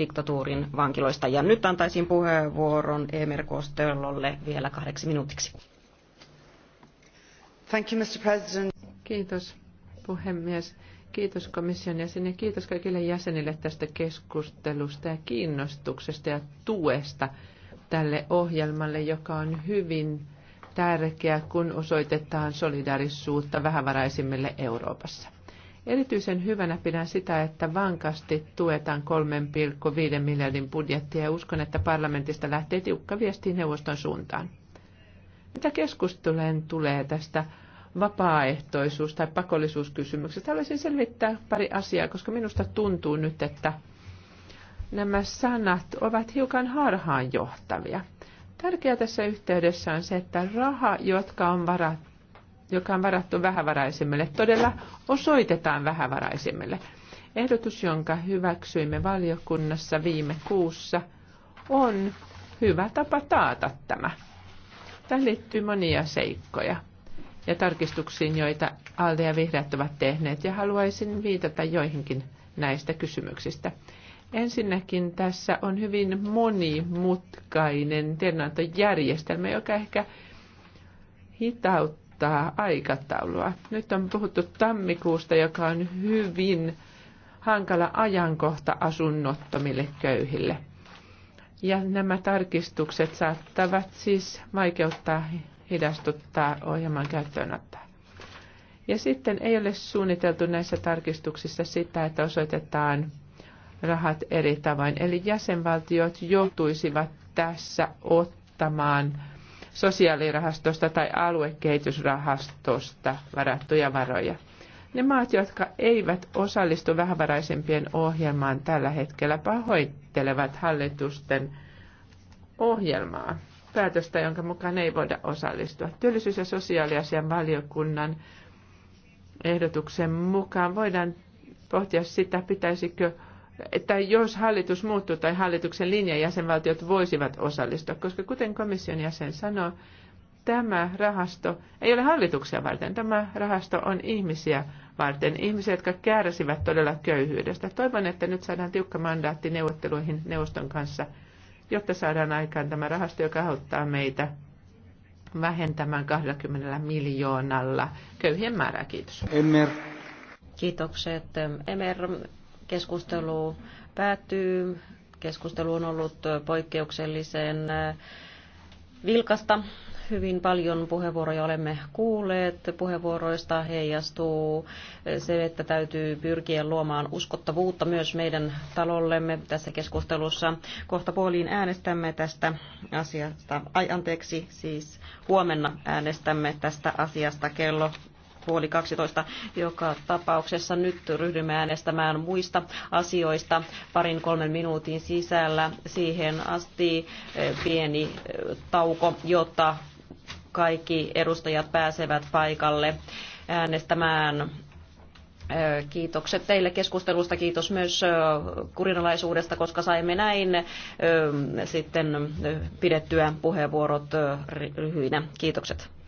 diktatuurin vankiloista. Ja nyt antaisin puheenvuoron Emer Kostellolle vielä kahdeksi minuutiksi. Thank you, Mr. President. Kiitos puhemies. Kiitos komission jäsen ja kiitos kaikille jäsenille tästä keskustelusta ja kiinnostuksesta ja tuesta tälle ohjelmalle, joka on hyvin tärkeä, kun osoitetaan solidaarisuutta vähävaraisimmille Euroopassa. Erityisen hyvänä pidän sitä, että vankasti tuetaan 3,5 miljardin budjettia ja uskon, että parlamentista lähtee tiukka viesti neuvoston suuntaan. Mitä keskusteluun tulee tästä vapaaehtoisuus- tai pakollisuuskysymyksestä, haluaisin selvittää pari asiaa, koska minusta tuntuu nyt, että nämä sanat ovat hiukan harhaanjohtavia. Tärkeää tässä yhteydessä on se, että raha, jotka on varattu joka on varattu vähävaraisemmille, todella osoitetaan vähävaraisemmille. Ehdotus, jonka hyväksyimme valiokunnassa viime kuussa, on hyvä tapa taata tämä. Tähän liittyy monia seikkoja ja tarkistuksiin, joita ALDE ja vihreät ovat tehneet, ja haluaisin viitata joihinkin näistä kysymyksistä. Ensinnäkin tässä on hyvin monimutkainen tiedonantojärjestelmä, joka ehkä hitauttaa muuttaa aikataulua. Nyt on puhuttu tammikuusta, joka on hyvin hankala ajankohta asunnottomille köyhille. Ja nämä tarkistukset saattavat siis vaikeuttaa, hidastuttaa ohjelman käyttöönottaa. Ja sitten ei ole suunniteltu näissä tarkistuksissa sitä, että osoitetaan rahat eri tavoin. Eli jäsenvaltiot joutuisivat tässä ottamaan sosiaalirahastosta tai aluekehitysrahastosta varattuja varoja. Ne maat, jotka eivät osallistu vähävaraisempien ohjelmaan tällä hetkellä, pahoittelevat hallitusten ohjelmaa, päätöstä, jonka mukaan ei voida osallistua. Työllisyys- ja sosiaaliasian valiokunnan ehdotuksen mukaan voidaan pohtia sitä, pitäisikö että jos hallitus muuttuu tai hallituksen linja jäsenvaltiot voisivat osallistua, koska kuten komission jäsen sanoi, tämä rahasto ei ole hallituksia varten, tämä rahasto on ihmisiä varten, ihmisiä, jotka kärsivät todella köyhyydestä. Toivon, että nyt saadaan tiukka mandaatti neuvotteluihin neuvoston kanssa, jotta saadaan aikaan tämä rahasto, joka auttaa meitä vähentämään 20 miljoonalla köyhien määrää. Kiitos. Kiitokset. Emer Keskustelu päättyy. Keskustelu on ollut poikkeuksellisen äh, vilkasta. Hyvin paljon puheenvuoroja olemme kuulleet. Puheenvuoroista heijastuu äh, se, että täytyy pyrkiä luomaan uskottavuutta myös meidän talollemme tässä keskustelussa. Kohta puoliin äänestämme tästä asiasta. Ai anteeksi, siis huomenna äänestämme tästä asiasta kello puoli 12. Joka tapauksessa nyt ryhdymme äänestämään muista asioista parin kolmen minuutin sisällä. Siihen asti eh, pieni eh, tauko, jotta kaikki edustajat pääsevät paikalle äänestämään. Eh, kiitokset teille keskustelusta, kiitos myös kurinalaisuudesta, koska saimme näin sitten pidettyä puheenvuorot lyhyinä. Kiitokset.